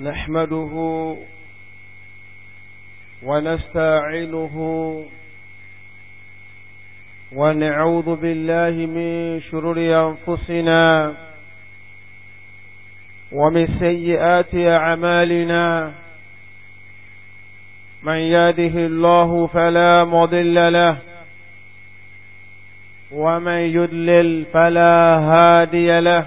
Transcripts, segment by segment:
نحمده ونستعينه ونعوذ بالله من شرور أنفسنا ومن سيئات أعمالنا من يهده الله فلا مضل له ومن يدلل فلا هادي له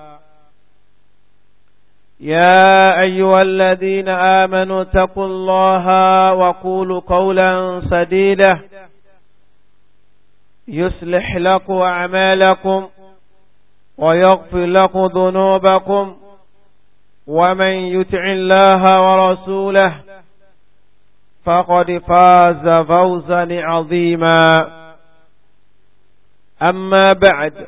يا أيها الذين آمنوا اتقوا الله وقولوا قولا سديدا يصلح لكم أعمالكم ويغفر لكم ذنوبكم ومن يتع الله ورسوله فقد فاز فوزا عظيما أما بعد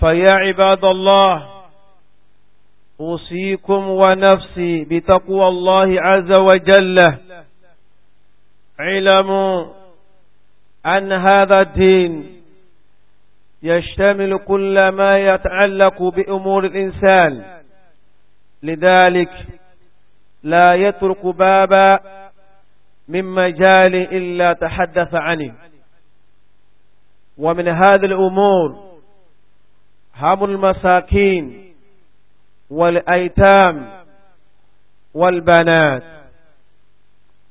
فيا عباد الله أوصيكم ونفسي بتقوى الله عز وجل علموا أن هذا الدين يشتمل كل ما يتعلق بأمور الإنسان لذلك لا يترك بابا من مجال إلا تحدث عنه ومن هذه الأمور هم المساكين والأيتام والبنات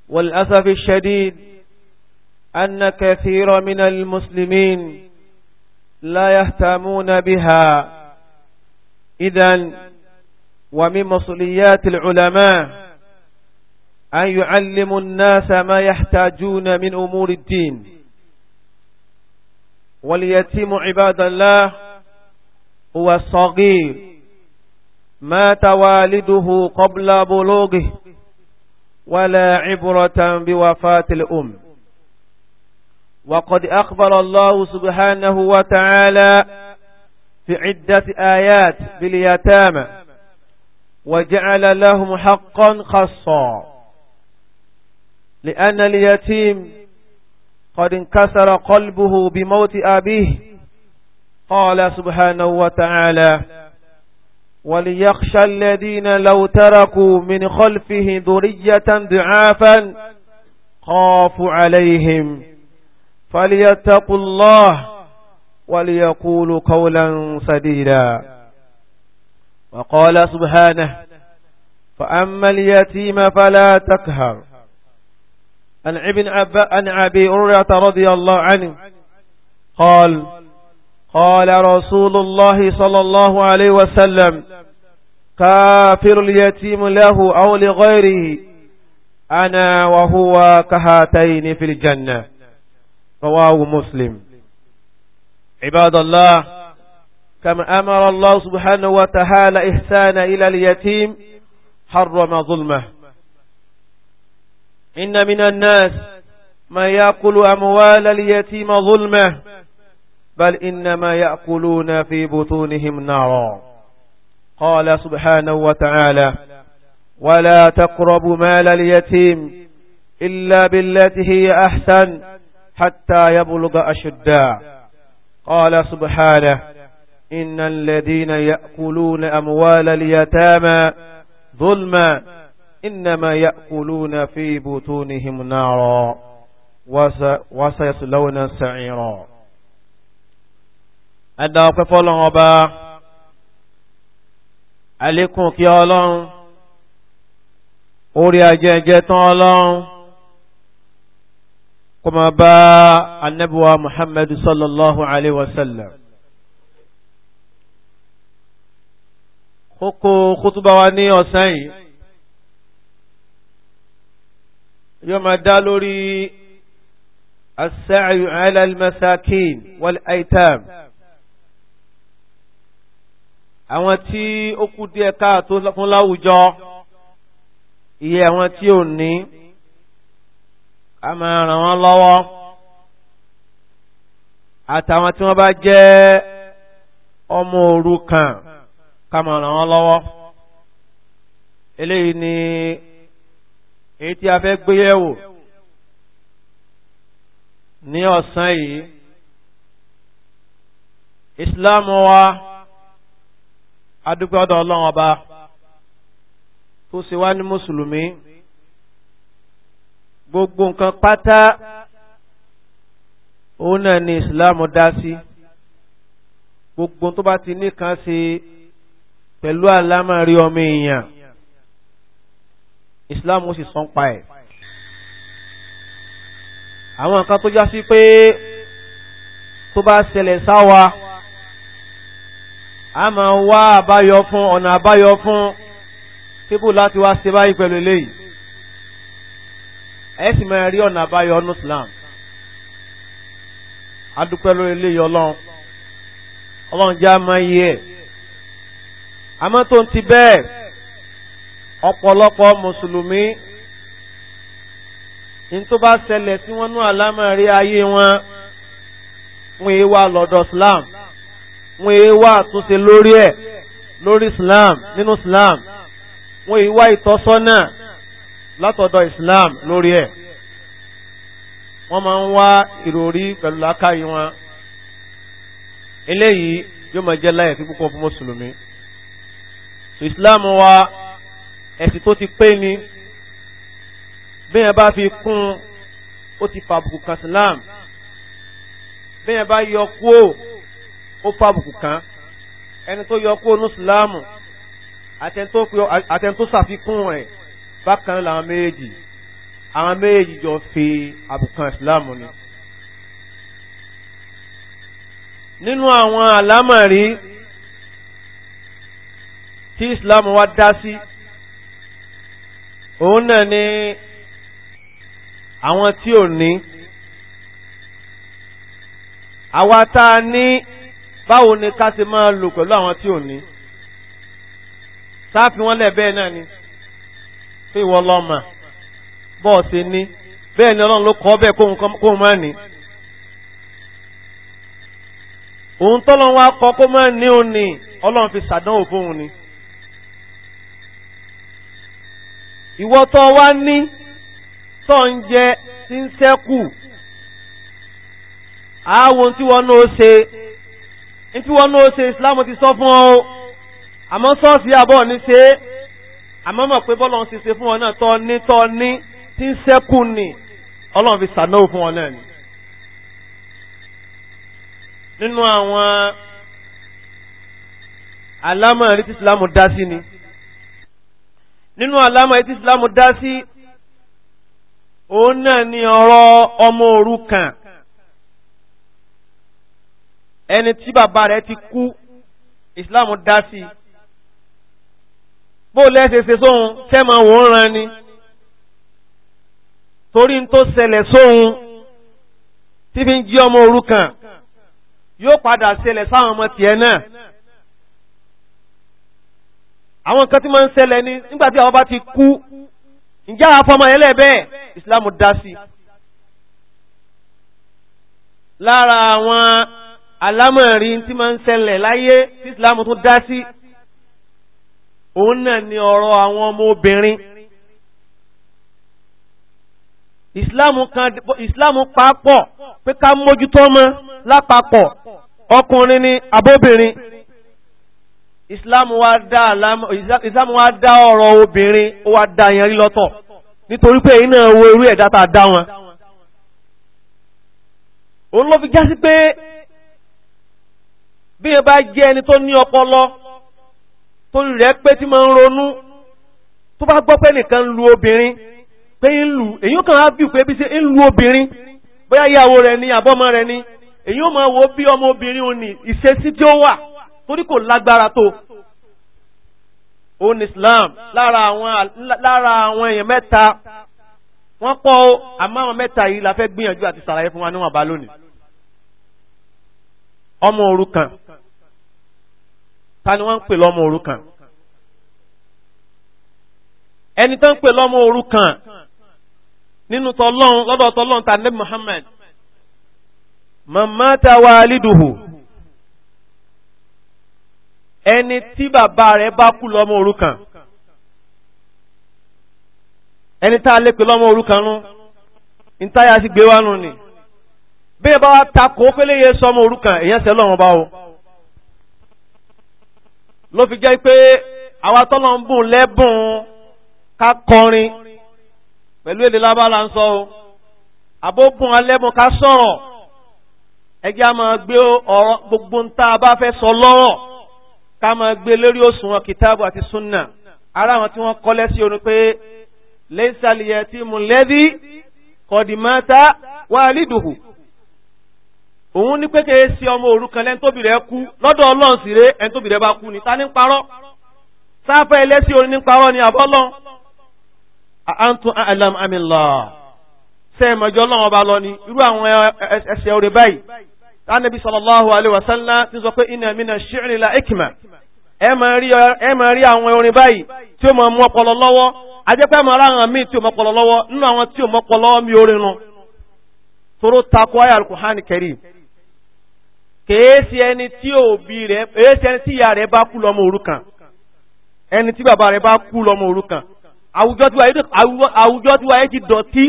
والأسف الشديد أن كثير من المسلمين لا يهتمون بها إذا ومن مصليات العلماء أن يعلموا الناس ما يحتاجون من أمور الدين واليتيم عباد الله هو الصغير مات والده قبل بلوغه ولا عبرة بوفاة الأم وقد أخبر الله سبحانه وتعالى في عدة آيات باليتامى وجعل لهم حقا خاصا لأن اليتيم قد انكسر قلبه بموت أبيه قال سبحانه وتعالى وليخشى الذين لو تركوا من خلفه ذرية ضعافا خافوا عليهم فليتقوا الله وليقولوا قولا سديدا وقال سبحانه فأما اليتيم فلا تكهر عن ابن عن أرية رضي الله عنه قال قال رسول الله صلى الله عليه وسلم كافر اليتيم له أو لغيره أنا وهو كهاتين في الجنة رواه مسلم عباد الله كما أمر الله سبحانه وتعالى إحسان إلى اليتيم حرم ظلمه إن من الناس ما يأكل أموال اليتيم ظلمه بل إنما يأكلون في بطونهم نارا قال سبحانه وتعالى ولا تقرب مال اليتيم إلا بالتي هي أحسن حتى يبلغ أشدا قال سبحانه إن الذين يأكلون أموال اليتامى ظلما إنما يأكلون في بطونهم نارا وسيصلون سعيرا ẹ̀dá ọpẹ́ fọ́lọ́run ọba àlékún kí ọlọ́run orí ajẹ́jẹ́ tán ọlọ́run kó máa bá anábíwá muhammadu sallallahu alayhi wa sallam kókó kútúbà wa ní ọ̀sán yìí yóò máa dá lórí as-sa'yu wal-aitam. Yeah àwọn tí ó kú díẹ̀ káàtó fún láwùjọ iye àwọn tí ò ní a máa ràn wọ́n lọ́wọ́ àtàwọn tí wọ́n bá jẹ́ ọmọ òrukàn ká máa ràn wọ́n lọ́wọ́ eléyìí ni èyí tí a fẹ́ gbéyẹ̀wò ní ọ̀sán yìí Islam wa adúpẹ́ ọ̀dọ̀ ọlọ́run ọba tó ṣe wá ní mùsùlùmí gbogbo nǹkan pátá òun náà ni ìsìláàmù dá sí gbogbo tó bá ti nìkan ṣe pẹ̀lú àlámọ̀rí ọmọ èèyàn ìsìláàmù sì sọ ń pa ẹ̀ àwọn nǹkan tó já sí pé tó bá ṣẹlẹ̀ sáwa a máa ń wá àbáyọ fún ọ̀nà àbáyọ fún tíbù láti wá ṣe báyìí pẹ̀lú eléyìí ẹ sì máa rí ọ̀nà àbáyọ ọ̀nà Islam adúpẹ́ lórí eléyìí ọlọ́run ọlọ́run já máa yí ẹ̀ àmọ́ tó ń ti bẹ́ẹ̀ ọ̀pọ̀lọpọ̀ mùsùlùmí ní tó bá ṣẹlẹ̀ sí wọn ní àlámọ̀rí ayé wọn fún ewa lọ́dọ̀ Islam wọ́n èé wá àtúnṣe lórí ẹ̀ lórí islam nínú islam wọ́n èé wá ìtọ́sọ́nà látọ̀dọ̀ islam lórí ẹ̀ wọ́n máa ń wá ìròrí pẹ̀lú lákàáyí wọn eléyìí yóò máa jẹ́ láyẹ̀ fi púpọ̀ fún mùsùlùmí so islam wa ẹ̀sìn tó ti pé ni bí yẹn bá fi kún ó ti fàbùkù kan islam bí yẹn bá yọ kúò ó fàbùkù kan ẹni tó yọ kó nú síláàmù àtẹni tó ṣàfikún ẹ̀ bákan làwọn méjì àwọn méjì jọ fi àbùkàn ìsìláàmù ni. nínú àwọn àlámọ̀rí tí ìsìláàmù wá dá sí òun náà ni àwọn tí ò ní àwa tá a ní báwo ni ká ṣe máa lò pẹ̀lú àwọn tí ò ní sáàfin wọn lẹ̀ bẹ́ẹ̀ náà ni fún ìwọ lọ́mà bọ́ọ̀sì ní bẹ́ẹ̀ ni ọlọ́run ló kọ́ bẹ́ẹ̀ kóhun máa ní òun tọ́lọ́run wá kọ́ kó máa ní òun ni ọlọ́run fi ṣàdánwò fóun ni ìwọ tó wá ní tó ń jẹ tí ń sẹ́kù àwọn tí wọ́n náà ṣe ntí wọn náà ṣe islam ti sọ fún ọ o àmọ́ sọ́ọ̀sì àbọ̀ ní ṣe é àmọ́ mọ̀ pé bọ́lọ̀ ń ṣe ṣe fún ọ náà tọ́ ní tọ́ ní tí ń ṣẹ́kù ni ọlọ́run fi sànáwó fún ọ náà ni. nínú àwọn àlámọ̀ rí tí islam dá sí ni nínú àlámọ̀ rí tí islam dá sí òun náà ni ọ̀rọ̀ ọmọ òrukàn ẹni tí bàbá rẹ̀ ti kú ìsìláàmù dá sí bó lẹ́sẹ̀ ṣe sóhun tẹ́mà wọ́n ran ni torí ń tó ṣẹlẹ̀ sóhun tí fi ń jí ọmọ òrukàn yóò padà ṣẹlẹ̀ sáwọn ọmọ tiẹ̀ náà àwọn nǹkan tí máa ń ṣẹlẹ̀ ni nígbàtí àwọn bá ti kú ǹjẹ́ àwọn afọmọ yẹn lẹ́ẹ̀bẹ́ẹ̀ dá sí lára àwọn alámọ̀rin tí máa ń ṣẹlẹ̀ láyé tí islam tún dá sí òun náà ni ọ̀rọ̀ àwọn ọmọ obìnrin islam papọ̀ pé ká mójútó ọmọ lápapọ̀ ọkùnrin ni abóbìnrin islam wá dá ọ̀rọ̀ obìnrin ó wá dá yẹn rí lọ́tọ̀ nítorí pé iná wo irú ẹ̀dá tá dá wọn òun ló fi já sí pé bí ẹ bá jẹ́ ẹni tó ní ọpọlọ tó rẹ̀ pé tí máa ń ronú tó bá gbọ́ pé nìkan lu obìnrin pé ń lu èyí kan á bí pé bí ṣe ń lu obìnrin bóyá ìyàwó rẹ̀ ni àbọ́mọ rẹ̀ ni èyí ó máa wo bí ọmọ obìnrin òun ní ìṣesí tí ó wà torí kò lágbára tó òun Islam lára àwọn èèyàn mẹ́ta wọ́n pọ̀ ó àmọ́ àwọn mẹ́ta yìí la fẹ́ gbìyànjú àti sàlàyé fún wa níwọ̀nba lónìí ọmọ òrukàn ta ni wọ́n ń pè lọ́mọ kan. ẹni tó ń pè lọ́mọ òrukàn nínú tọlọ́run lọ́dọ̀ tọlọ́run ta nẹ́bí Muhammad mamata waliduhu ẹni tí bàbá rẹ̀ bá kú lọ́mọ òrukàn ẹni tá a lè pè lọ́mọ òrukàn nú ntáyà sì gbé wá ni bí ẹ bá wa takò ó pélé yẹ sọmọ òrukàn èèyàn sẹ́lọ̀ wọn bá o ló fi jẹ́ pé àwa tọ́lọ̀ ń bùn lẹ́bùn ká kọrin pẹ̀lú èdè lábára ń sọ o àbóbùn alẹ́bùn ká sọ̀rọ̀ ẹjẹ́ a máa gbé ọ̀rọ̀ gbogbo ń tá a bá fẹ́ sọ lọ́rọ̀ ká máa gbé lórí òṣùwọ̀n kìtàbù àti súnà ara àwọn tí wọ́n kọ́lẹ́ sí orin pé lẹ́sàlìyẹ tí mú lẹ́dí kọ̀dìmọ́ta wà lídùhù òun ní pé kèé sí ọmọ òrukàn lẹ́ni tóbi rẹ̀ kú lọ́dọ̀ ọlọ́run sì ré ẹni tóbi rẹ̀ bá kú ta ní parọ́ sáfẹ́ ẹlẹ́sìn orin ní parọ́ ni àbọ́lọ́ alam amìlá lọ́wọ́ lọ ni irú àwọn ẹsẹ̀ orin báyìí tánàbí sallallahu alaihi ti sọ pé iná mi náà ṣírin la ikima ẹ máa rí àwọn orin báyìí tí ó máa mú ọpọlọ lọ́wọ́ ajẹ́pẹ́ máa ráhàn tí ó ọpọlọ lọ́wọ́ nínú àwọn tí ó ọpọlọ mi orin toro takọ kèése ẹni tí òbí rẹ̀ kèése ẹni tí ìyá rẹ̀ bá kú lọ́mọ òrukàn ẹni tí bàbá rẹ̀ bá kú lọ́mọ òrukàn àwùjọ tí wáyé ti dọ̀tí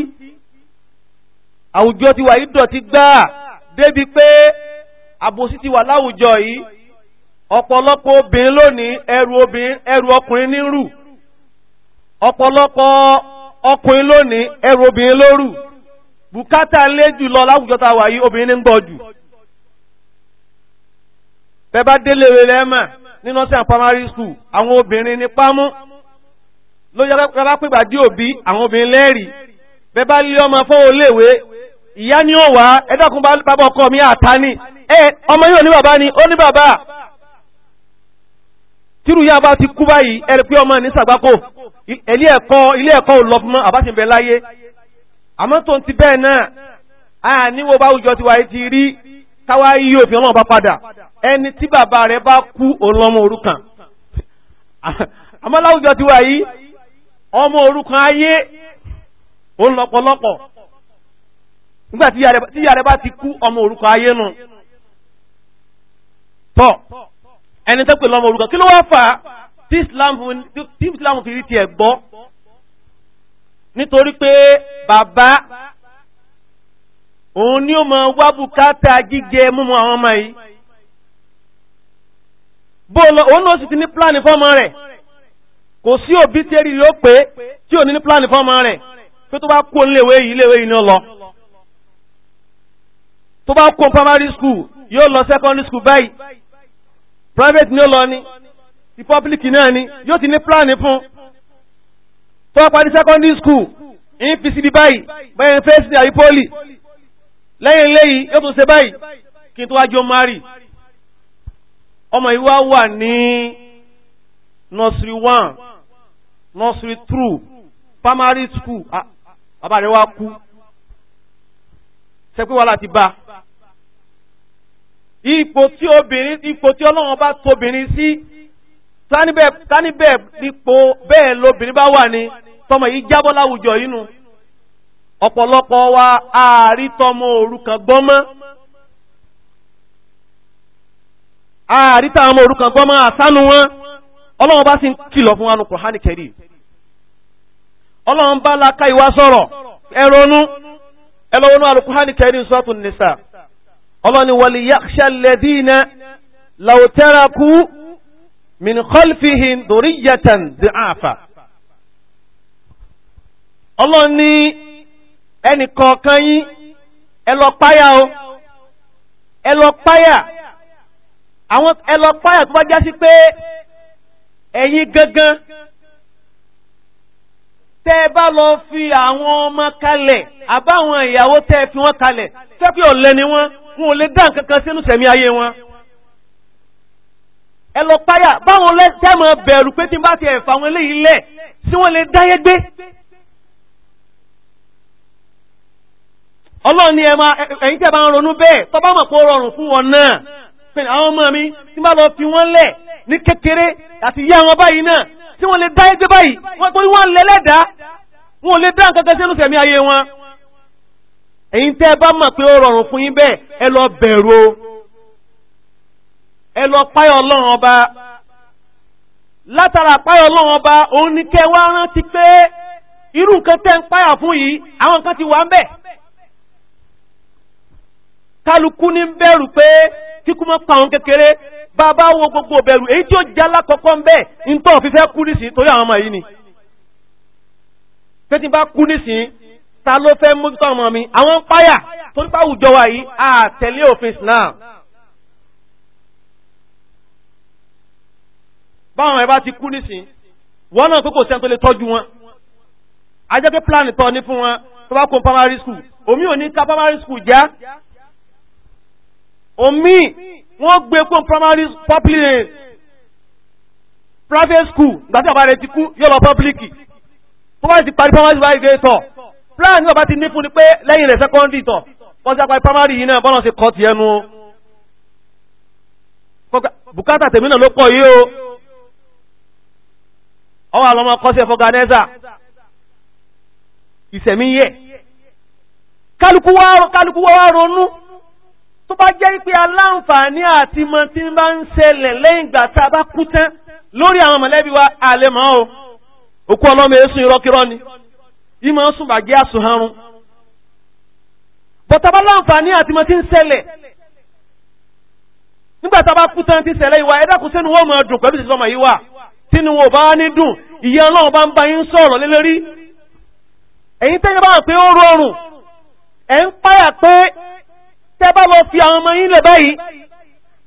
àwùjọ tí wáyé dọ̀tí gbáà débi pé àbòsí ti wà láwùjọ yìí ọ̀pọ̀lọpọ̀ obìnrin lónìí ẹrù obìnrin ẹrù ọkùnrin nírù ọ̀pọ̀lọpọ̀ ọkùnrin lónìí ẹrù obìnrin lórù bùkátà lé jù lọ láwùjọ tá yìí obìnrin ń gbọ́ jù bẹ́ẹ̀ bá déléwé lẹ́mà nínú sí àwọn primary school àwọn obìnrin ní pámú ló yẹ lápẹ́gbà dí òbí àwọn obìnrin lẹ́rìí bẹ́ẹ̀ bá lé ọmọ fún oléèwé ìyá ni ó wá ẹ̀dọ́kun bàbá ọkọ mi àtàní ẹ ọmọ yóò ní bàbá ni ó ní bàbá tírù yá bá ti kú báyìí ẹ̀rì pé ọmọ ní sàgbákò ilé ẹ̀kọ́ ilé ẹ̀kọ́ ò lọ fún mọ́ àbá ti bẹ̀ láyé àmọ́ tó ń ti bẹ́ẹ̀ náà a níwò báwùjọ ti wáyé ti rí káwá yí òfin ọlọ́run bá padà ẹni tí bàbá rẹ̀ bá kú ọlọ́mọ òrukàn àmọ́ láwùjọ ti wà yìí ọmọ òrukàn ayé ó ń lọ́pọ̀lọpọ̀ nígbà tí ìyá rẹ̀ bá ti kú ọmọ òrukàn ayé nù tọ́ ẹni tẹ́ pè lọ́mọ òrukàn kí ló wá fà á tí Islam fi rí tiẹ̀ gbọ́ nítorí pé bàbá òun ni ó mọ wá bùkátà jíjẹ múmu àwọn ọmọ yìí bó lọ òun ló sì ti ní pláàni fọ́mọ rẹ̀ kò sí òbí tí èrì yóò pé tí ò ní ní pláàni fọ́mọ rẹ̀ pé tó bá kó léwé yìí léwé yìí ni ó tó bá kó primary school yóò lọ secondary school báyìí private ni ó lọ ni ti public náà ni yóò ti ní pláàni fún tó bá parí secondary school ní fi síbi báyìí báyìí fẹ́ẹ́ sí àyípọ́lì lẹ́yìn lẹ́yìn yóò tún ṣe báyìí kí n tó wájú ọmọ àrí ọmọ yìí wá wà ní nursery one nursery two primary school ah, bàbá rẹ̀ wá kú ṣe pé wàhálà ti bá ipò tí obìnrin ipò tí ọlọ́run bá tóbìnrin sí tánibẹ̀ tánibẹ̀ ipò bẹ́ẹ̀ lobìnrin bá wà ní tọmọ yìí jábọ́ láwùjọ yìí nù. ọ̀pọ̀lọpọ̀ wa àárítọ́mọ òrukàn gbọ́mọ́ àárítàmọ òrukàn gbọ́mọ́ àsánú wọn ọlọ́run bá sì ń kìlọ̀ fún wa nù Kùránì kẹrì ọlọ́run bá ha ìwá sọ̀rọ̀ ẹrọnú ẹlọ́wọ́nú alùkùránì kẹrì sọ́tù nìsà ọlọ́ni wọlé yakhsha alladhina law taraku min khalfihim dhurriyatan ẹnì kọ̀ọ̀kan yín ẹ lọ páyà o ẹ lọ páyà àwọn ẹ lọ páyà tó bá já sí pé ẹ̀yin gangan tẹ́ ẹ bá lọ fi àwọn ọmọ kalẹ̀ àbáwọn ìyàwó tẹ́ ẹ fi wọ́n kalẹ̀ tẹ́ pé ọ̀lẹ ni wọ́n wọn ò lè dá nǹkan sínú sẹ̀mí ayé wọn ẹ lọ páyà báwọn tẹ́ mọ̀ bẹ̀rù pé tí n bá ti ẹ̀fà wọn léyìí lẹ̀ tí wọ́n lè dáyé gbé ọlọ́run ni ẹ̀yin tẹ́ bá ń ronú bẹ́ẹ̀ tó bá mọ̀ pé ó rọrùn fún wọn náà pẹ̀lú àwọn ọmọ mi tí bá lọ fi wọ́n lẹ̀ ní kékeré àti yá wọn báyìí náà tí wọ́n lè dá ẹgbẹ́ báyìí wọ́n tó wọ́n lẹ lẹ́dàá wọn ò lè dá nǹkan kẹsẹ́ lóṣẹ̀mí ayé wọn. ẹ̀yin tẹ́ bá mọ̀ pé ó rọrùn fún yín bẹ́ẹ̀ ẹ lọ bẹ̀rù ẹ lọ páyọ̀ ọlọ́run ọba látara páyọ̀ ọlọ́run ọba òun ni kẹ́ wá rántí pé irú nǹkan tẹ́ ń páyà fún yìí àwọn nǹkan ti wà ń bẹ̀ kálukú ní bẹ̀rù pé kíkú mọ́ pa àwọn kékeré bàbá wo gbogbo bẹ̀rù èyí tí ó já lákọ̀ọ́kọ́ ń bẹ́ẹ̀ ń tọ́ fi fẹ́ kú nísìn torí àwọn ọmọ yìí ni pé bá kú nísìn ta ló fẹ́ mójútó àwọn ọmọ mi àwọn ń páyà torí pé àwùjọ wa yìí àtẹ̀lé òfin Islam báwọn ẹ bá ti kú nísìn wọn náà kókò sẹ́ni tó lè tọ́jú wọn ajẹ́ pé pílánì tọ́ ní fún wọn tó bá kó primary school omi ò ní ká primary school já omi wọ́n gbé kó primary public private school gbàtí àbá rẹ̀ ti kú yóò lọ public tó bá ti parí primary bá ìgbé tọ̀ plan náà bá ti ní fún ni pé lẹ́yìn rẹ̀ secondary tọ̀ wọ́n ti parí primary yìí náà bọ́lá ṣe kọ́ ti ẹnu Bukata, tèmi náà ló pọ̀ yìí o ọwọ́ àwọn ọmọ kọ́sẹ̀ fọ́ganẹ́sà ìsẹ̀mí yẹ kálukú wá ronú tó bá jẹ́ pé aláǹfààní àti mọ tí ń bá ń ṣẹlẹ̀ lẹ́yìn ìgbà tá a bá kú tán lórí àwọn mọ̀lẹ́bí wa àlemọ́ o òkú ọlọ́mọ èésùn irọ́kirọ́ ni ìmọ̀ ń sùn bàjẹ́ àsùnhárun bọ́tà bá láǹfààní àti mọ tí ń ṣẹlẹ̀ nígbà tá a bá kú tán ti ṣẹlẹ̀ ìwà ẹ̀dá kù sẹ́nu wọ́n dùn pẹ̀lú ìṣẹ́sọ́mọ yìí wà tínú wọn ò bá ní dùn ìyá ọlọ́run bá ń bá yín sọ̀rọ̀ lélẹ́rí ẹ̀yin tẹ́yìn bá wà pé ó rọrùn ẹ̀ ń páyà pé tẹ́ bá lọ fi àwọn ọmọ yín lẹ̀ báyìí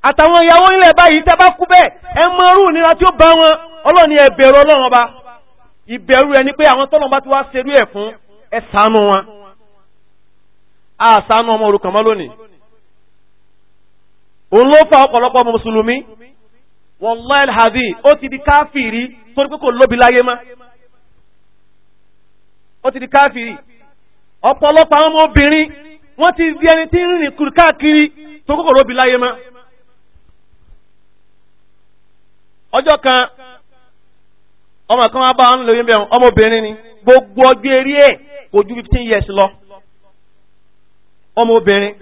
àtàwọn ìyàwó ilẹ̀ báyìí tẹ́ bá kú bẹ́ẹ̀ ẹ mọ rú nira tí ó bá wọn ọlọ́ni ẹ̀bẹ̀rù ọlọ́run ọba ìbẹ̀rù ẹni pé àwọn tọ́lọ́run bá ti wá ṣerú ẹ̀ fún ẹ ṣàánú wọn a ṣàánú ọmọ òrukàn mọ́ lónìí òun ló fa ọ̀pọ̀lọpọ̀ mùsùlùmí wallahi alhadi ó ti di káfìrí torí pé kò lóbi láyé mọ́ ó ti di káfìrí ọ̀pọ̀lọpọ̀ àwọn ọmọ obìnrin wọ́n ti di ẹni tí ń rìn kúrò káàkiri tó kókò lóbi láyé mọ́. ọjọ́ kan ọmọ kan wá bá ń lóyún bẹ́ẹ̀ ọmọbìnrin ni gbogbo ọjọ́ eré ẹ̀ kò ju fifteen years lọ ọmọbìnrin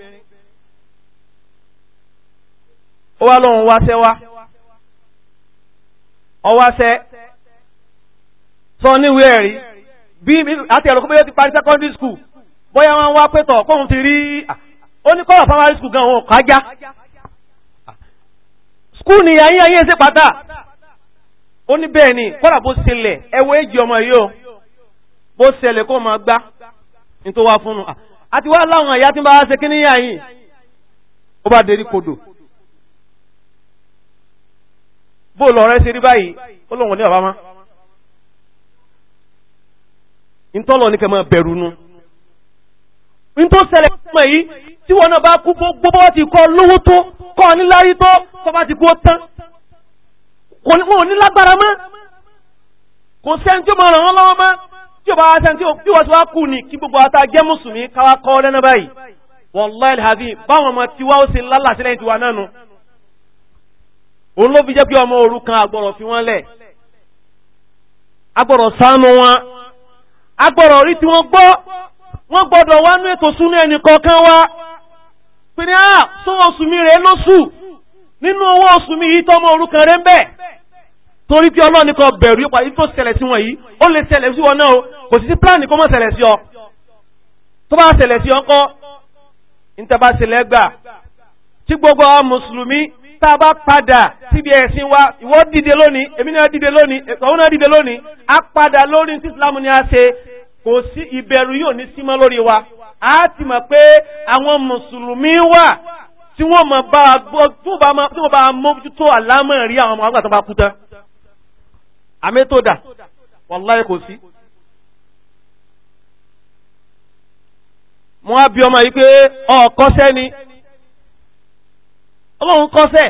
ó wá lóun wáṣẹ́ wá ọwáṣẹ́ sọ níwèé ẹ̀rí bí àti ẹ̀rọ kó bóyá ti parí secondary school bóyá wọn wá pé tọ̀ kóun ti rí ó ní kọ́lọ̀ primary school gan òun kájá school ni ayé ayé ṣe pátá ó ní bẹ́ẹ̀ ni kọ́lọ̀ bó ṣẹlẹ̀ ẹwọ́ èjì ọmọ yìí o bó ṣẹlẹ̀ kó máa gbá ní tó wá fún un àti wá láwọn àyá tí bá ṣe kí níyà yìí ó bá ní tó ṣẹlẹ̀ mọ̀ yìí tí wọn náà bá kú gbogbo bá ti kọ́ lówó tó kọ́ níláyé tó kọ́ bá ti kú ó tán kò ní wọn ò ní lágbára mọ́ kò sẹ́ni tí ó máa ràn wọ́n lọ́wọ́ mọ́ tí ó bá sẹ́ni tí wọ́n ti wá kú ni kí gbogbo ata jẹ́ mùsùlùmí káwá kọ́ lẹ́nà báyìí wallahi alhazi báwọn ọmọ tiwa ó ṣe lálà sílẹ̀ tiwa náà nu òun ló fi jẹ́ pé ọmọ òrukàn àgbọ̀rọ̀ fi wọ́n lẹ̀ agbọ̀rọ̀ ṣàánú wọn agbọ̀rọ̀ rí tí wọ́n gbọ́ wọ́n gbọ́dọ̀ wá ní ètò súnú ẹnì kọ̀ọ̀kan wá pé ní àà ah, tó oṣù mi rẹ̀ lóṣù nínú owó oṣù mi yìí tọ́mọ orúkan rẹ̀ ń bẹ̀ torí tí ọlọ́run ní kó bẹ̀rù yípa yìí tó ṣẹlẹ̀ sí wọn bá a bá padà síbi ẹ̀sìn wa ìwọ dìde lónìí èmi náà dìde lónìí òun náà dìde lónìí a padà lórí tí Islam ni a ṣe kò sí ìbẹ̀rù yóò ní símọ́ lórí wa a ti mọ̀ pé àwọn mùsùlùmí wà tí wọ́n mọ̀ bá gbọ́ tó bá mójútó àlámọ̀ rí àwọn ọmọ àgbà tó bá kú tán àmẹ́tòdà wàláyé kò sí. wọ́n á bí ọmọ yìí pé ọ̀kọ́sẹ́ ni ọlọ́run kọ́sẹ́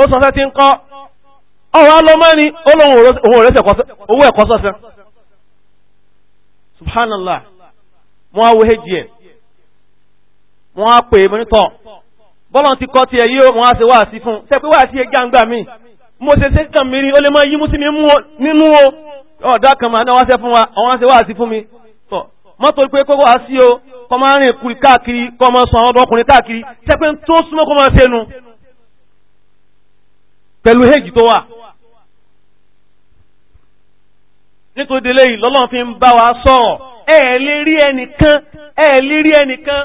ó sọ fẹ́ ti ń kọ́ ọ̀rọ̀ alọ́mọ́ ni olóhun rẹ̀ owó ẹ̀kọ́ sọ́sán subhanallah wọ́n á wo hejì ẹ̀ wọ́n á pè é mọ́nítọ̀ bọ́lọ̀ ti kọ́ ti ẹ̀ yíò wọ́n á ṣe wá sí fún ṣe pé wá sí gbangba mi mo ṣe ṣe kàn mí rí ó lè mọ́ yí mú sí mi nínú o ọ̀dá kan máa ní wọ́n á ṣe fún wa wọ́n á ṣe wá sí fún mi tọ̀ mọ́tò pé kó wá sí o kọ́ máa rìn kúrì káàkiri kọ́ máa sọ àwọn ọdọkùnrin káàkiri ṣe pé tó súnmọ́ kó máa ṣe nu pẹ̀lú hejì tó wà nítorí délé yìí lọ́lọ́run fi ń bá wa sọ̀rọ̀ ẹ lè rí ẹnìkan ẹ lè rí ẹnìkan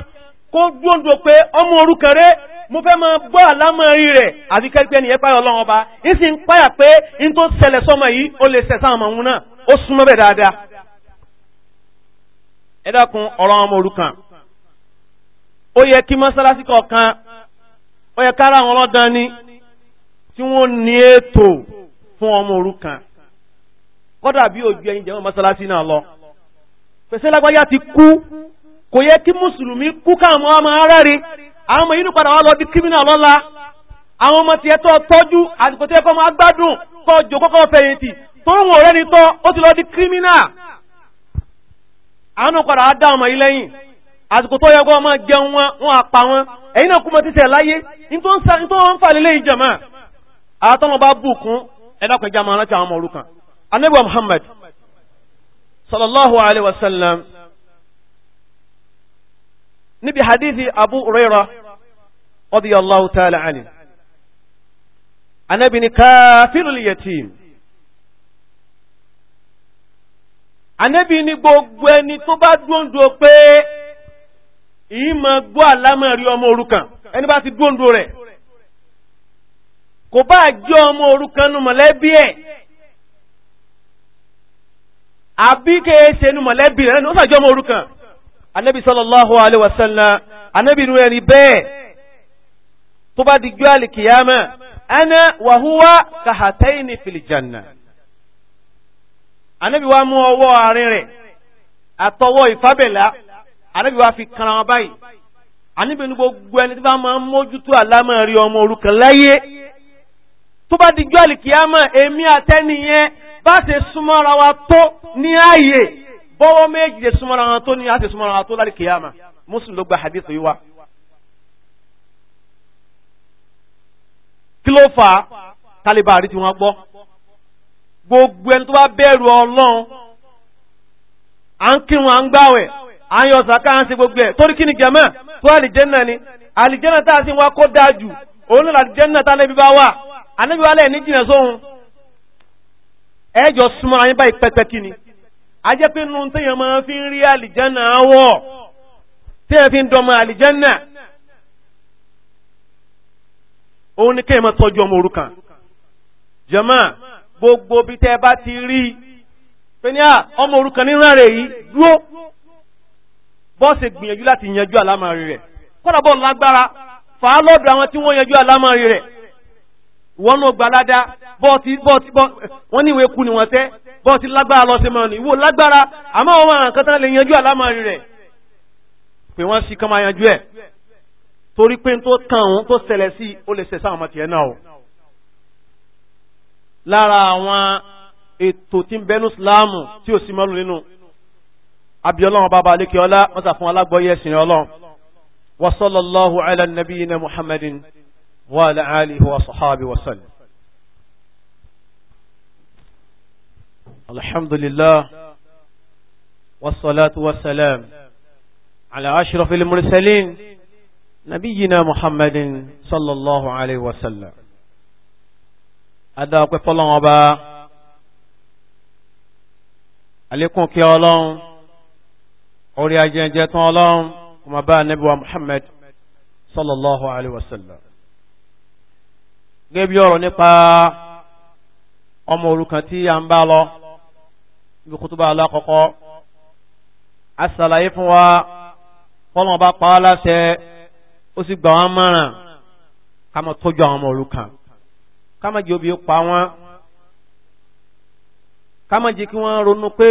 kó dúndò pé ọmọ òrukàn rẹ̀ mo fẹ́ máa gbọ́ àlámọ̀rí rẹ̀ àti kẹ́kẹ́ ni ẹ páyọ̀ ọlọ́run ọba ń sì ń páyà pé ń tó ṣẹlẹ̀ sọ́mọ yìí ó lè ṣẹ̀ sáwọn ọmọ náà ó súnmọ́ bẹ̀ dáadáa ẹ dákun ọ̀rọ̀ ọmọ òrukàn ó yẹ kí mọ́sálásí kọ̀ọ̀kan ó yẹ kára àwọn ọlọ́dàn ni tí wọ́n ní ètò fún ọmọ òrukàn kọ́dà bí ojú ẹyin jẹ́wọ́n mọ́sálásí náà lọ pèsè lágbáyà ti kú kò yẹ kí mùsùlùmí kú káwọn ọmọ arẹ́rẹ́ àwọn ọmọ yìí nípadà wà lọ di kírímìnà lọ́la àwọn ọmọ ti tó tọ́jú máa gbádùn jò kọ́kọ́ fẹ̀yìntì tó ń tọ́ ó ti lọ di kírímìnà àwọn ọmọ padà dá ọmọ yìí lẹ́yìn tó yẹ kọ́ anábíwá Muhammad sallallahu alaihi wasallam níbi hadithi Abu Hurairah radiyallahu ta'ala anhu anábí ni káfírul yatim anábí ni gbogbo ẹni tó bá dúndú pé ìyí ma gbọ́ àlámọ̀rí ọmọ òrukàn ẹni bá ti dúndú rẹ̀ kò bá jẹ́ ọmọ òrukàn nù mọ̀lẹ́bí ẹ̀ àbí kèé ṣe nu mọ̀lẹ́bí rẹ̀ ló sàjọ́ mọ́ orúkàn anábì sallallahu alaihi wasallam anábì nu ẹni bẹ́ẹ̀ tó bá dijú àlìkìyàmẹ́ ana wa huwa kahataini fil janna anábì wa mú ọwọ́ àárín rẹ̀ àtọwọ́ ìfábẹ̀lá anábì wa fi kan wọn báyìí anábì nu gbogbo ẹni tó bá máa ń mójútó àlámọ̀ rí ọmọ orúkàn láyé tó bá dijú àlìkìyàmẹ́ èmi àtẹ́niyẹn bá ṣe súnmọ́ra wa tó ní ààyè bọ́wọ́ méjì ṣe súnmọ́ra wa tó ní àṣẹ súnmọ́ra wa tó lálẹ́ kìyàmà Muslim ló gba hadith yìí wá. kí ló fà á tálíbà àrí tí wọ́n gbọ́ gbogbo ẹni tó bá bẹ̀rù Ọlọ́run à ń kírun à ń gbàwẹ̀ à ń yọ sàká ń ṣe gbogbo ẹ̀ torí kí ni jẹ̀mọ́ tó àlìjẹ́nà ni àlìjẹ́nà tá a sì wá kó dáa jù òun náà àlìjẹ́nà tá a lẹ́bi bá wà ànábi wa lẹ́ẹ̀ ní jìnnà sóhun ẹjọ́ súnmọ́ ayé báyìí pẹ́pẹ́ kí ni a jẹ́ pé máa fi ń rí àlìjánà wọ̀ fi ń dọmọ àlìjánà òun ni kéèyàn máa tọ́jú ọmọ òrukàn gbogbo bí tẹ́ bá ti rí pé ní ọmọ òrukàn níran rẹ̀ yìí dúró bọ́ọ̀sì gbìyànjú láti yanjú rẹ̀ kọ́dà bọ́ọ̀ lágbára lọ́dọ̀ àwọn tí wọ́n wọ́n ló gbalada bọ́ọ̀tì bọ́ọ̀tì wọ́n ní ìwé kú ni wọ́n tẹ́ bọ́ọ̀tì lágbára lọ́sẹ̀ mọ́ ni ìwò lágbára àmọ́ wọn máa nǹkan tán lè yanjú àlámọ̀rí rẹ̀ pé wọ́n sì kán máa yanjú ẹ̀ torí pé tó tàn òun tó ṣẹlẹ̀ sí ó lè ṣẹ̀ṣẹ̀ àwọn ọmọ tiẹ̀ náà o lára àwọn ètò tí ń bẹnu síláàmù tí ò sí mọ́lù nínú abiyọlọ́run bàbá alékeọlá wọ́n sàfún alágbọ́yé ẹ̀sìn ọlọ́run wa sallallahu ala nabiyina muhammadin وعلى آله وصحابه وسلم الحمد لله والصلاة والسلام على أشرف المرسلين نبينا محمد صلى الله عليه وسلم هذا أقف الله أبا عليكم كي الله أولي أجنجة الله وما با نبوى محمد صلى الله عليه وسلم gẹ́gẹ́ bí ọ̀rọ̀ nípa ọmọ òrukàn tí a ń bá lọ bí kútúbà alákọ̀ọ́kọ́ a ṣàlàyé fún wa fọ́lọ́n bá pa á láṣẹ ó sì gbà wọ́n mọ̀ràn ká máa tọ́jú àwọn ọmọ òrukàn ká máa jẹ́ obì pa wọ́n ká máa jẹ́ kí wọ́n ronú pé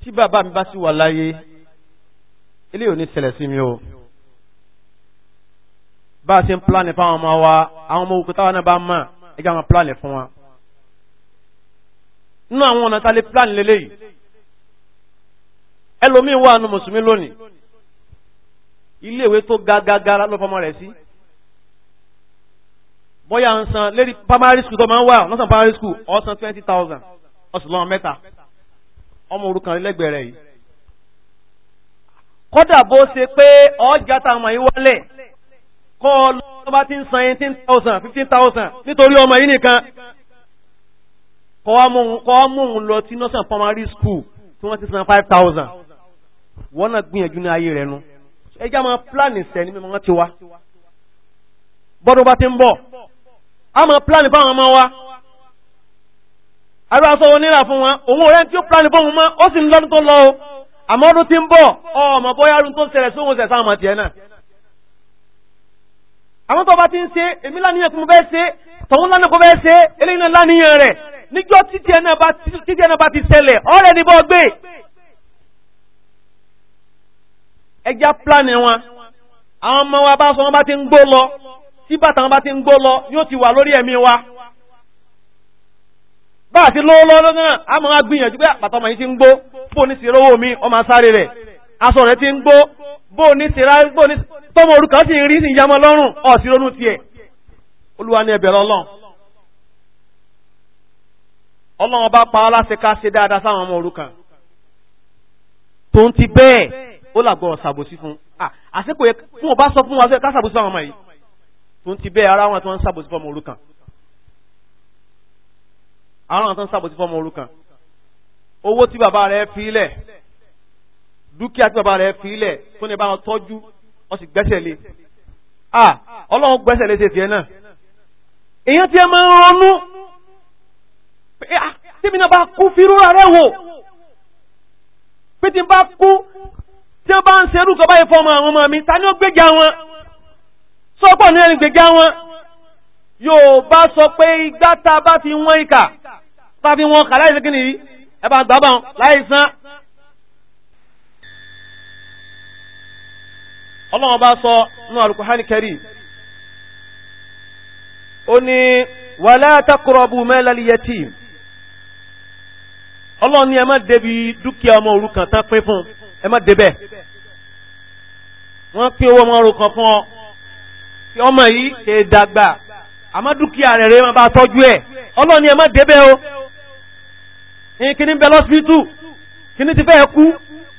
tí bàbá mi bá sì wà láyé eléyìí ò ní ṣẹlẹ̀ sí mi o bá a ṣe ń pílánì fáwọn ọmọ wa àwọn ọmọ òkúta wọn náà bá mọ̀ ẹjọ́ àwọn pílánì fún wọn. nínú àwọn ọ̀nà tá a lè pílánì lélẹ́yìí ẹlòmíín wà nù mùsùlùmí lónìí ilé ìwé tó ga ga ga ló fọmọ rẹ̀ sí bóyá ń san lérí primary school tó máa ń wà lọ́sàn primary school ọ̀sán twenty thousand ọ̀sùn lọ́wọ́ mẹ́ta ọmọ òrukàn lẹ́gbẹ̀ẹ́ rẹ̀ yìí kódà bó ṣe pé ọjà táwọn yìí wọlé kọ́ lọ́ba tí ń san eighteen thousand fifteen thousand nítorí ọmọ yìí nìkan kọ́ mú un lọ sí nọ́sàn primary school tí wọ́n ti san five thousand wọ́n náà gbìyànjú ní ayé rẹ̀ nu ẹjá máa plan sẹ́ni mímọ́ ti wá bọ́dọ̀ bá ti ń bọ̀ a máa plan fáwọn ọmọ wa àbí aṣọ onírà fún wọn òun ọ̀rẹ́ tí ó plan fóun mọ́ ó sì ń lọ́dún tó lọ o àmọ́ ń bọ̀ ọmọ bóyá ọdún tó ṣẹlẹ̀ sóhun ṣẹ̀ sáà mọ̀ tiẹ̀ náà àwọn tó bá ti ń se èmi láníyàn tí mo fẹ́ se tọ̀hún lánàá kó fẹ́ ṣe eléyìí náà láníyàn rẹ̀ níjọ́ títí ẹ̀ bá ti ṣẹlẹ̀ ọ̀rẹ́ ni bọ́ gbé ẹja pílánì wọn àwọn ọmọ wa bá sọ wọn lọ tí bàtà wọn bá lọ yóò wà lórí ẹ̀mí wa bá lówó lọ́wọ́ náà a máa gbìyànjú pé àpàtà ah, ọmọ yìí ti ń gbó ní sáré rẹ̀ aṣọ rẹ̀ ti ń gbó tọmọ orúkọ sì ń rí sí ìyàmọ lọ́rùn ọ̀sìn ronú tiẹ̀ olúwa ní ẹbẹ̀rẹ̀ ọlọ́run ọlọ́run bá pa aláṣẹ ká ṣe dáadáa sáwọn ọmọ orúkọ tó ń ti bẹ́ẹ̀ ó làgbọ́ ṣàbòsí fún àṣepò yẹ fún ọba sọ fún wa ká ṣàbòsí fún àwọn ọmọ yìí tó ń ti bẹ́ẹ̀ ara wọn tó ń ṣàbòsí fún ọmọ orúkọ ara wọn tó ń ṣàbòsí fún ọmọ orúkọ owó tí bàbá rẹ̀ fi ilẹ̀ dúkìá tí bàbá rẹ̀ fi ilẹ̀ fún bá wọn tọ́jú wọ́n sì gbẹ́sẹ̀ lé ah ọlọ́run gbẹ́sẹ̀ lé tètè náà èyàn tí ẹ máa ń ronú tèmi náà bá kú fi rúra rẹ̀ wò pé tí n bá kú tí ó bá ń serú kọ báyìí fọmọ àwọn ọmọ mi ta ni ó gbèjà wọn sọ́pọ̀ ní ẹni gbèjà wọn yóò bá sọ pé igbá ta bá fi wọ́n ìkà tá fi wọ́n kà láì sí kí ẹ bá gbà bá láì san ọlọ́run bá sọ ní Al-Qur'ani ó ní wala taqrabu malal yatim ọlọ́run ní débi ọmọ òrukàn tán pín fún ẹ débẹ̀ wọ́n kí owó ọmọ òrukàn fún ọ kí ọmọ yìí ṣe dàgbà àmọ́ dúkìá rẹ̀ rẹ̀ máa bá tọ́jú ẹ̀ ní débẹ̀ o kíní ti fẹ́ kú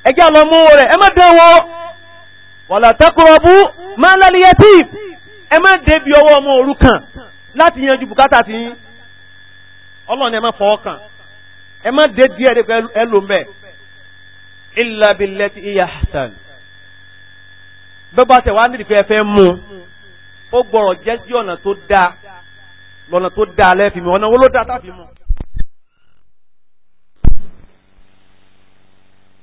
ẹjẹ́ wala taqrabu mala al-yatim ẹ má débi ọwọ́ ọmọ òrukàn láti yanjú bùkátà ti yín ọlọ́run ẹ má fọwọ́ kàn ẹ má dé díẹ̀ dé pé ẹ lò ń bẹ̀ illa billati hiya tẹ̀ wá nídìí fẹ́ mú ó gbọ́rọ̀ jẹ́ sí ọ̀nà tó dáa lọ́nà tó dáa lẹ́fìmọ̀ ọ̀nà wo ló dáa táfìmọ̀.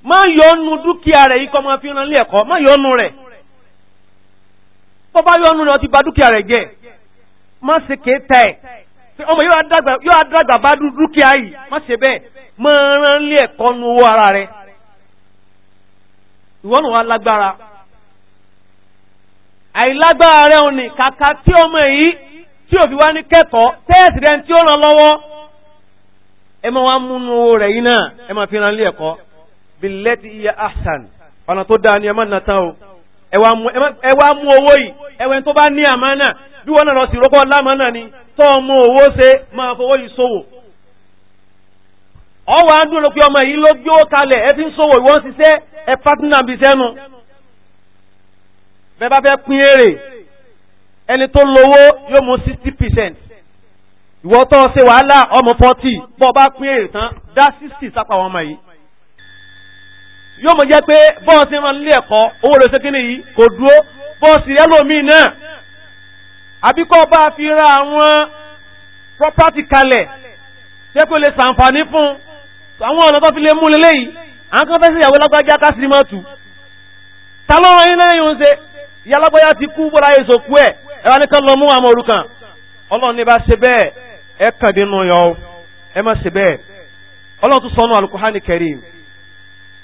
má yọnu dúkìá rẹ̀ yìí kọ́ máa fi ran ilé ẹ̀kọ́ má yọnu rẹ̀ bọ́ bá yọnu rẹ̀ ó ti bà dúkìá rẹ̀ jẹ́ má ṣe kéta ẹ̀ ọmọ yóò adágbà bá dúkìá yìí má ṣe bẹ́ẹ̀ má ran ilé ẹ̀kọ́ nu owó ara rẹ̀ ìwọ́nù wa lágbára àìlágbára rẹ̀ òní kàkà tí ọmọ yìí tí òbí wá ní kẹ́kọ̀ọ́ tẹ́ẹ̀sì rẹ̀ tí ó ràn lọ́wọ́ ẹ máa wá múnú owó rẹ̀ yìí náà ẹ máa fi ran ilé ẹ̀kọ́ billati hiya ahsan ọ̀nà tó dáa ni ẹ má nà tán o ẹ wá mú owó yìí ẹwẹ́ tó bá ní àmánà bí wọ́n lọ sí rọ́kọ́ lámánà ni tó ọmọ owó ṣe máa fowó yìí ṣòwò ọwọ́ á dúró pé ọmọ yìí ló gbé ó kalẹ̀ ẹ ti ń ṣòwò ìwọ́n ṣiṣẹ́ ẹ pátínà bí sẹ́nu bẹ́ẹ̀ bá fẹ́ pín èrè ẹni tó lówó yóò mú sixty percent ìwọ tó ṣe wàhálà ọmọ forty bọ́ bá pín èrè tán dá sixty sápá wọn ọmọ yìí yóò mọ̀ jẹ́ pé bọ́ọ̀sì máa ń lé ẹ̀kọ́ owó lọ sékínì yìí kò dúró bọ́ọ̀sì ẹlòmíì náà bá fi ra àwọn property kalẹ̀ ṣé kò lè fún àwọn ọ̀nà tó fi lè mú lélẹ́yìí àwọn kan fẹ́ sí ìyàwó lágbájá kásìrì mọ́ tù ta ló rán yín lẹ́yìn òun ṣe ìyá lágbájá ti kú bọ́lá èso kú ẹ̀ ẹ wá ní kán lọ mú àwọn òrukàn ọlọ́run ní bá ṣe bẹ́ẹ̀ ẹ kàn dínú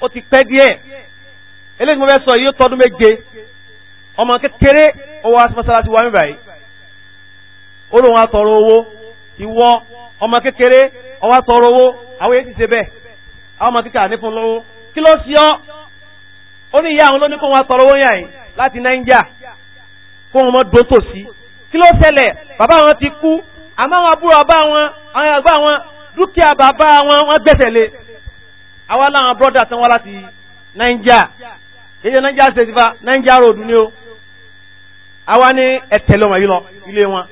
ó ti pẹ́ díẹ̀ eléyìí mo fẹ́ sọ yìí ó tọdún méje ọmọ kékeré owó asọ́sọ́láti wa níbàyí ó lóun atọ̀rọ̀ owó ìwọ ọmọ kékeré ọwọ́ atọ̀rọ̀ owó àwọn èyí ti ṣe bẹ́ẹ̀ àwọn ọmọ kékeré ànífún lọ́wọ́ kí ló ṣe ọ́ ó ní ìyá àwọn lóní kó wọn atọ̀rọ̀ owó yàn yìí láti Nàìjíríà kó wọn mọ́ dótòsí kí ló ṣẹlẹ̀ bàbá wọn ti kú àmọ́ àwọn àbúrò bàbá wọn àwọn àgbà wọn dúkìá bàbá wọn wọ́n gbẹ́sẹ̀ àwa láwọn brọ́dà tán wá láti Naija èyí Naija state fa Naija road ni o àwa ní ẹ̀tẹ̀lẹ̀ ọmọ yìí lọ ilé wọn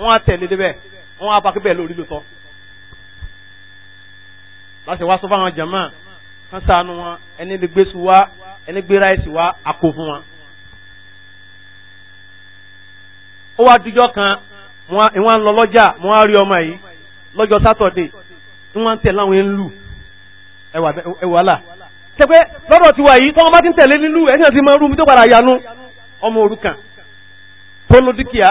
wọn á tẹ̀lé débẹ̀ wọn á pàkíbẹ̀ lórí lóòótọ́ láti wá sọ fáwọn jàmáà kan sànù wọn ẹni lè gbé su wá ẹni gbé ráìsì wá àkó fún wọn. ó wá dijọ́ kan ìwọ̀n ń lọ lọ́jà mo wá rí ọmọ yìí lọ́jọ́ sátọ̀dé ìwọ̀n ń tẹ̀lé ń lù ẹwàlá tẹ́pẹ́ lọ́dọ̀ ti wà yìí tọ́wọ́n bá ti ń tẹ̀lé nílú ẹ̀sìn àti mọ́rú mi tó padà yanú ọmọ òrukàn tó ló dúkìá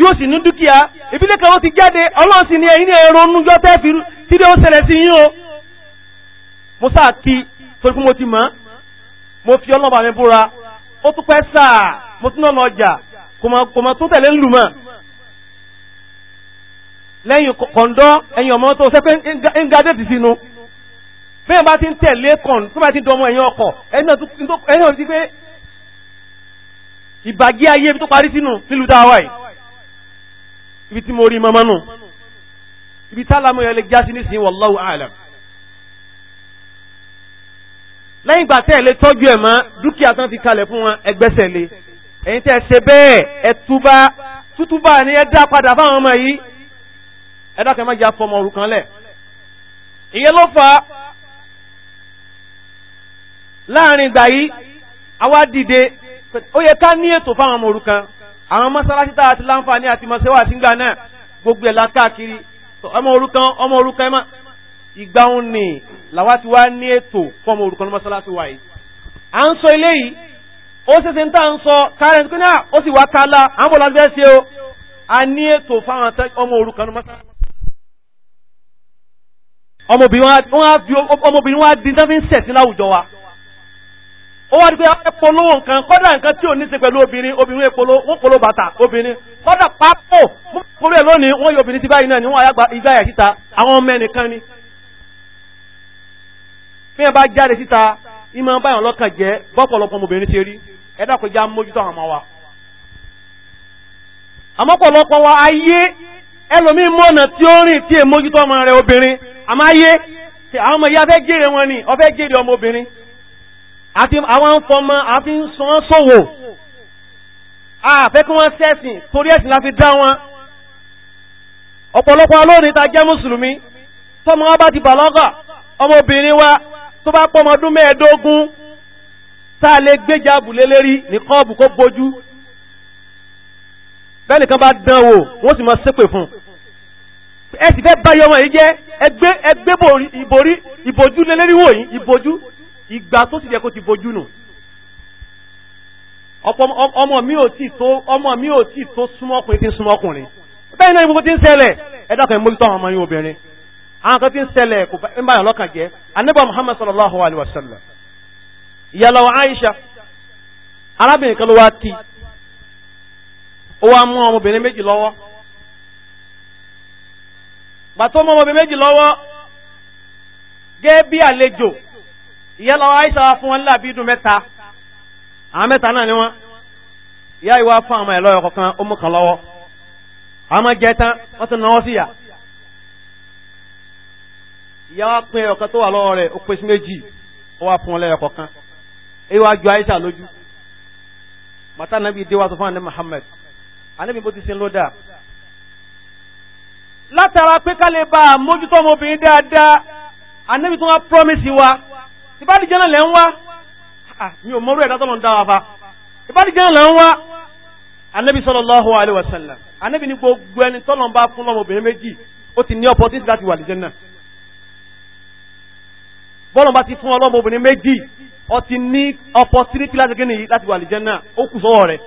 yóò sì ní dúkìá ìbílẹ̀ kan ó ti jáde ọlọ́run sì ni ẹ̀yìn ní ẹ̀rọ onú yọ tẹ́ẹ̀fì tí ó ṣẹlẹ̀ sí yín o mo sáà kí torí pé mo ti mọ̀ mo fi ọlọ́ba mi búra ó tún pẹ́ sáà mo tún náà lọ jà kò mọ̀ tó tẹ̀lé ńlù lẹ́yìn kọ̀ǹdọ́ ẹ̀yìn ọmọ tó sẹ́pẹ́ ń ga déètì sínú bẹ́ẹ̀ bá ti ń tẹ̀lé kọ̀ǹ tó bá ti dọmọ ẹ̀yìn ọkọ̀ ẹ̀yìn ọ̀tí pé ìbàgí ayé tó parí sínú nílùú dáwà yìí ibi tí mo rí mọ́mọ́ nù ibi tálámù yẹn lè já sí nísìnyí wallahu a'lam lẹ́yìn ìgbà tẹ́ẹ̀ lè tọ́jú ẹ̀ mọ́ dúkìá tán ti kalẹ̀ fún wọn ẹgbẹ́sẹ̀ lé ẹ̀yin tẹ́ ṣe bẹ́ẹ̀ ẹ̀túbá tútúbá ni ẹ dá padà fáwọn ọmọ yìí ẹ̀dá kan máa jẹ́ afọmọ òrukàn lẹ̀ ìyẹn ló fà á láàrin ìgbà yìí àwa dìde ó yẹ ká ní ètò fáwọn ọmọ òrukàn àwọn mọ́sálásí tá a ti láǹfààní àti mọ̀sẹ́wà àti ńgbà náà gbogbo ẹ̀ la káàkiri ọmọ òrukàn ọmọ òrukàn ẹ̀mọ́ ìgbà òun ni làwa ti wá ní ètò fọmọ òrukàn mọ́sálásí wa yìí à ń sọ eléyìí ó ṣẹ̀ṣẹ̀ ń tà ń sọ kárẹ̀ ní ó sì wá kálá àwọn bọ̀lá fẹ́ ṣe o a ní ètò fáwọn ọmọ òrukàn mọ́sálásí ọmọbìnrin wa di tán fi ń sẹ̀sí láwùjọ wa ó wá di pé ẹpolówó nǹkan kọ́dà nǹkan tí ò ní ṣe pẹ̀lú obìnrin obìnrin èpolo wọ́n polo bàtà obìnrin kọ́dà pápò mú polo ẹ̀ lónìí wọ́n yọ obìnrin ti báyìí náà ni wọ́n àyàgbà igbá ẹ̀ síta àwọn ọmọ ẹnìkan ni bí ẹ bá jáde síta ìmọ̀ báyọ̀ lọ́kàn jẹ́ bọ́pọ̀lọpọ̀ obìnrin ṣe rí ẹ dákun já mójútó àwọn ọmọ wa àmọ́pọ̀lọpọ̀ wa ayé ẹlòmíì mọ̀nà tí ó rìn tí è mójútó ọmọ rẹ̀ àmáyé àwọn ọmọ ìyá fẹ́ jèrè wọn ni ọfẹ́ jèrè ọmọbìnrin àti àwọn fọmọ àfi ń sọ wọ́n sòwò àfẹ́ kí wọ́n sẹ́sìn torí ẹ̀sìn láti dá wọn ọ̀pọ̀lọpọ̀ alóòní jẹ́ mùsùlùmí tọ́mọ wa bá ti bàlọ́gà ọmọbìnrin wa tó bá pọ́ ọmọdún mẹ́ẹ̀ẹ́dógún tá a lè gbéjà bùlé lérí ní kọ́ọ̀bù kó bójú bẹ́ẹ̀ nìkan bá dán wò wọ́n sì máa ṣépè fún un ẹ sì fẹ́ báyọ̀ ọmọ yìí jẹ́ ẹgbẹ́ ẹgbẹ́ ìborí ìbojú lẹ́lẹ́rìwò yìí ìbojú ìgbà tó sì yẹ kó ti bojú nù ọmọ mi ò tí tó ọmọ mi ò tí tó súnmọ́ ọkùnrin tí ń súnmọ́ ọkùnrin bẹ́ẹ̀ náà ìgbogbo tí ń ṣẹlẹ̀ ẹ̀dàkùnrin mójútó àwọn ọmọ yín obìnrin àwọn kan tí ń ṣẹlẹ̀ kò ń báyọ̀ lọ́kàn jẹ́ anábà Muhammad sallallahu alaihi wasallam ìyàlọ́ Aisha arábìnrin kan ló wá kí ó wá mú ọmọbìnrin méjì lọ́wọ́ bàtọ́ mọ́ ọmọ méjì lọ́wọ́ gẹ́ bí àlejò ìyálọ́wọ́ àìsà fún wọn láàbí dùn mẹ́ta àwọn mẹ́ta náà ni wọ́n ìyá ìwà fún àwọn ẹ̀lọ́yọ̀ kọ̀ọ̀kan ó mú kan lọ́wọ́ àwọn jẹ tán wọ́n tún náwọ́ síyà ìyá wa pín ẹ̀yọ̀kan tó wà lọ́wọ́ rẹ̀ ó pèsè méjì ó wà fún ọlẹ́yọ̀ kọ̀ọ̀kan ìwájú àìsà lójú bàtà nàbí dé wa sọ fún àná Muhammad àná mi bó ti sin ló dáa látara pé ká lè bá àmójútó ọmọbìnrin dáadáa anábì tó wá promise wa ìbádìí jẹ́ náà lẹ́ ń wá ah, mi ò mọ́rú ẹ̀dá tọ́lọ̀ ń dára fa ìbádìí jẹ́ náà lẹ́ ń wá anábì sallallahu alaihi wasallam anábì ní gbogbo ẹni tọ́lọ̀ ń bá fún lọ́mọbìnrin méjì ó ti ní opportunity láti wà lìjẹ́ náà bọ́lọ̀ bá ti fún ọlọ́mọbìnrin méjì ó ti ní opportunity láti gẹ́ni láti wà lìjẹ́ náà ó kù sọ́wọ́ rẹ̀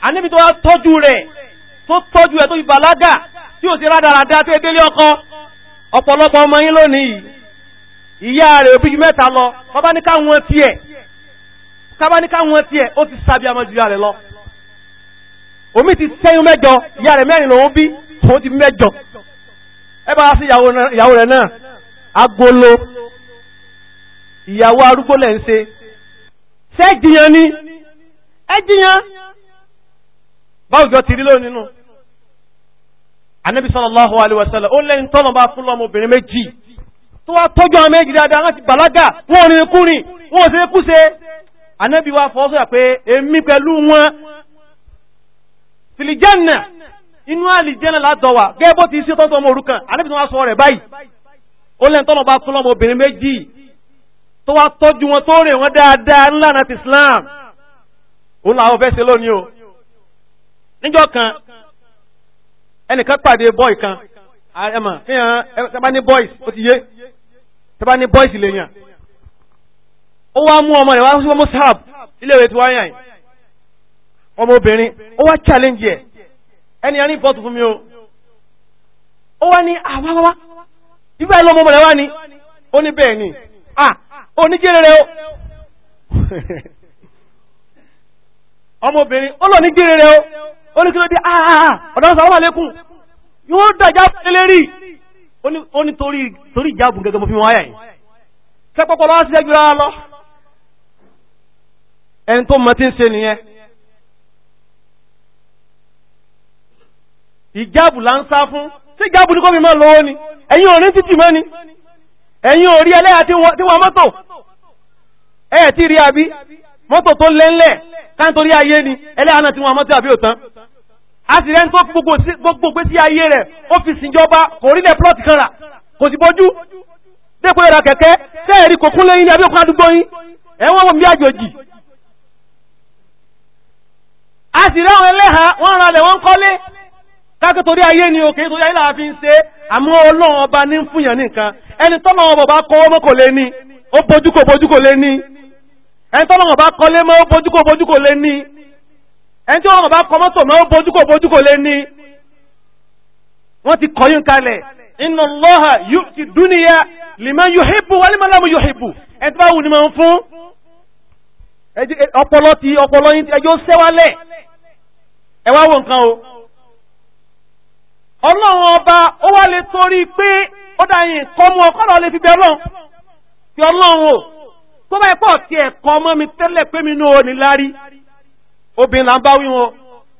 anábì tó wá tọ́jú rẹ̀ tó tọ́jú ẹ tó fi bàlágà tí ò sí rádaràdá tó délé ọkọ ọ̀pọ̀lọpọ̀ ọmọ yín lónìí ìyá rẹ̀ òbí ju mẹ́ta lọ bàbá ní káwọn tiẹ̀ ju ìyá rẹ̀ lọ omi ti sẹ́yún mẹ́jọ ìyá rẹ̀ mẹ́rin lòún bí òun ti ẹ bá agolo ìyàwó arúgbó lẹ̀ ń ṣe ṣẹ́ jiyàn ni ẹ jiyàn báwùjọ ti rí lónìí nù anabi sallallahu alayhi wa sallam ó lẹ́yìn tọ́nà bá fún lọ́mọbìnrin méjì tó wá tọ́jú àwọn méjì dáadáa láti bàlágà wọn ò ní kú rìn wọn ò sì ní kú ṣe anabi wa fọwọ́ sọ̀rọ̀ pé èmi pẹ̀lú wọn fìlìjẹ́nà inú àlìjẹ́nà látọ̀wà gẹ́gẹ́ bó ti ṣe tọ́tọ́ ọmọ òrukàn anabi tó wá sọ rẹ̀ báyìí ó lẹ́yìn tọ́nà bá fún lọ́mọbìnrin méjì tó wá tọ́jú wọn tó rìn wọn dáadáa ńlá náà ti Islam òun làwọn fẹ́ ṣe lónìí o níjọ́ kan ẹnìkan pàdé bọ́ì kan ẹmọ̀ fíhàn tẹ́bá ní bọ́ìs ó ti yé tẹ́bá ní bọ́ìs lè yàn ó wá mú ọmọ rẹ̀ wá sí ọmọ sáàb iléèwé tí wá yàn ọmọ ó wá challenge ẹ̀ ẹni yẹn ní bọ́ọ̀tù fún mi o ó wá ní àwáwáwá ibà ìlú ọmọ rẹ̀ wá ní ó ní bẹ́ẹ̀ ni à ó ní jẹ́ o ọmọbìnrin ó lọ ní jẹ́ o ó ní kí ló dé àà ọ̀dọ́ sọ wà lékún yóò dájá lélérí ó ní torí ìjáàbù gẹ́gẹ́ mo fi wọ́n ayà yìí sẹ́pọ̀pọ̀ lọ́wọ́ sí ẹgbẹ̀rẹ̀ lọ ẹni tó mọ̀ tí ń ṣe nìyẹn ìjáàbù là ń sá fún sí ìjáàbù ní kó fi máa lọ́wọ́ ni ẹ̀yin ò rí títì mọ́ ni ẹ̀yin ò rí ẹlẹ́yà tí wọ́n mọ́tò ẹ̀ tí rí àbí mọ́tò tó lẹ́ńlẹ̀ káńtorí ayé ni ẹlẹ́yà náà tí wọ́n mọ́tò àbí òtán àtìrẹ́ tó gbogbo pé sí ayé rẹ̀ ó fi síjọba kò rí lẹ̀ plọ́ọ̀tì kan rà kò sì bójú dépò ẹ̀rọ kẹ̀kẹ́ sẹ́ẹ̀rí kò kún lẹ́yìn ní abẹ́kùn àdúgbò yín ẹ̀wọ̀n wọ̀n bí àjòjì àtìrẹ́ àwọn ẹlẹ́ha wọ́n ra lẹ̀ wọ́n kọ́lé káàkiri torí ayé ni òkè torí ayé làá fi ń ṣe àmọ́ ọlọ́run ọba ní fúnyàn nìkan ẹni tọ́lọ́ ọba bá kọ́ ọmọ kò lé ní ó bójú kò bójú kò lé ní ẹni tọ́lọ́ ọba kọ́lé mọ́ ó bójú kò bójú kò lé ní ẹni tí wọ́n bá kọ mọ́tò mọ́ bójúkò bójúkò lé ní wọ́n ti kọ̀yún kalẹ̀ inna Allaha yu'ti dunya liman yuhibbu wa liman la yuhibbu ẹni tí bá wù ní máa ń fún ọpọlọ ti ọpọlọ yín ẹjọ́ sẹ́wálẹ̀ ẹ wá wo nǹkan o ọlọ́run ọba ó wá lè torí pé ó dáyìn kọ́ mú ọkọ́ lọ lè fi bẹ́ẹ̀ lọ́n ti ọlọ́run o tó bá ẹ̀kọ́ ti ẹ̀kọ́ ọmọ mi tẹ́lẹ̀ pé mi ní o ní lárí obìnrin là ń bá wí wọn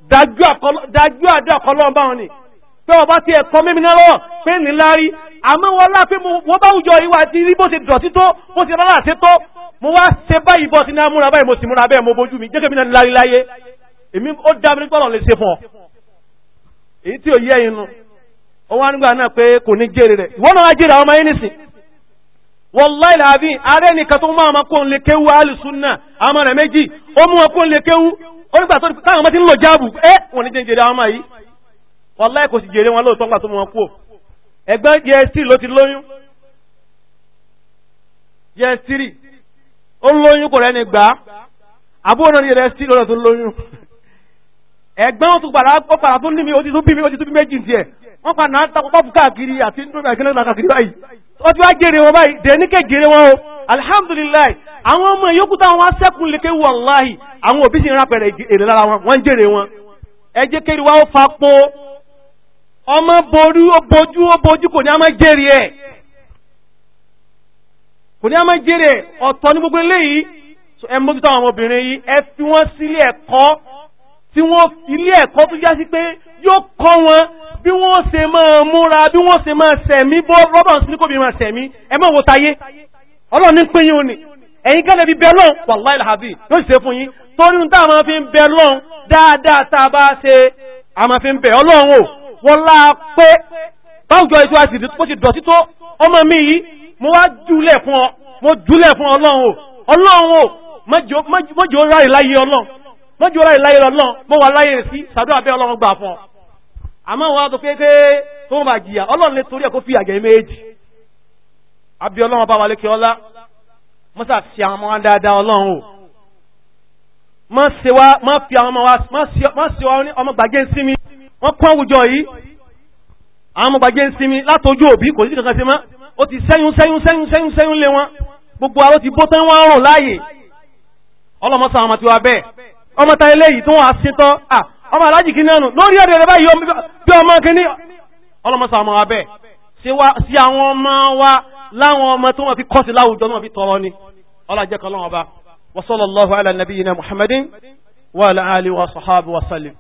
dájú àdúrà kan lọ́wọ́ bá wọn ni pé wọ́n bá ti ẹ̀kọ́ mímí náà lọ́wọ́ pé níláárí àmọ́ wọn lá pé wọ́n bá wùjọ ìwà ti rí bó ṣe dọ̀tí tó bó ṣe rárá àti tó mo wá ṣe báyìí bọ́ sí ní amúra báyìí mo sì múra bẹ́ẹ̀ mo bójú mi jẹ́kẹ́ mi náà níláárí láyé èmi ó dá mi nípa ọ̀nà lè ṣe fún ọ èyí tí ò yẹ inú ó wá nígbà náà pé kò ní jèrè rẹ̀ ìwọ náà wá jèrè àwọn ọmọ yín nìsín wọ́láì làbí ààrẹ nìkan tó máa ma kó ń lè kéwu alùsùn náà àmọ́ rẹ̀ méjì ó mú wọn kó ń lè kéwu onígbà tó táwọn ọmọ ti ń lò jáàbù ẹ wọn ní jẹjẹrẹ àwọn ọmọ yìí wọn láì kò sì jèrè wọn lóòótọ́ nígbà tó mọ kú ẹgbẹ́ jst ló ti lóyún jst ó lóyún kò rẹ́ni gbà àbúrò náà ní jst lọ́dọ̀ tó lóyún ẹgbẹ́ wọn tún padà ó padà tó níbi ó ti tún bí mi ó ti tún bí méjì tiẹ̀ wọ́n padà ń takọ́ pọ́ọ̀pù káàkiri àti nígbà ìkẹ́lẹ́ ó ti wá gèrè wọn báyìí dẹ̀níkẹ̀ gèrè wọn o alhamdulillah àwọn ọmọ yòókù táwọn wá sẹ́kùn lè ké àwọn òbí sì èrè lára wọn wọ́n jèrè wọn ẹ kéri wá fa po ọmọ borí ó bojú ó bojú kò ní a máa jèrè ẹ̀ kò ní a máa jèrè ọ̀tọ̀ ní gbogbo ilé ẹ̀kọ́ tó já yóò kọ́ wọn bí wọ́n ṣe máa múra bí wọ́n ṣe máa sẹ̀mí bọ́ rọ́bọ̀n sí kò bí máa sẹ̀mí ẹ mọ́ wo tayé ọlọ́run ní pín yín òní ẹ̀yin gẹ́lẹ́ bí bẹ́ẹ̀ lọ́n wàláì làbí yóò ṣe fún yín torí tá a máa fi ń bẹ lọ́n dáadáa tá a bá ṣe a máa fi ń bẹ ọlọ́run o wọ́n lá pé báwùjọ ètò àti ìdí tó ti dọ̀tí tó ọmọ mi yìí mo wá júlẹ̀ fún ọ mo júlẹ̀ fún ọlọ́run o ọlọ́run o mọ́jọ́ ráyè láyé ọlọ́run mọ́jú ọlá ìláyé lọ́lọ́n mọ́ wà láyé sí sàdúrà bẹ́ ọlọ́run gbà fún ọ àmọ́ wọn tó pé pé tó bá jìyà ọlọ́run lè torí ẹ̀ kó fi àjẹ́ méjì àbí ọlọ́run bá wà lékè ọlá mọ́sà fi àwọn ọmọ wa dáadáa ọlọ́run o mọ́ ṣe wá mọ́ fi àwọn ọmọ wa mọ́ ṣe wá ní ọmọ gbàgé ń sinmi wọ́n kún àwùjọ yìí àwọn ọmọ gbàgé ń sinmi látọjú òbí kò sí kankan sí mọ́ ó ti sẹ́yún sẹ́yún sẹ́yún sẹ́yún lé wọn gbogbo ọmọ ta eléyìí tó wọ́n á sí tọ́ à ọmọ alájì kí nánú lórí ẹ̀rẹ̀ rẹ̀ báyìí bí ọmọ kíní ọlọ́mọsà ọmọ abẹ́ sí àwọn ọmọ wa láwọn ọmọ tó wọ́n fi kọ́ sí láwùjọ náà fi tọrọ ni ọlájẹ́ kan lọ́wọ́ bá wa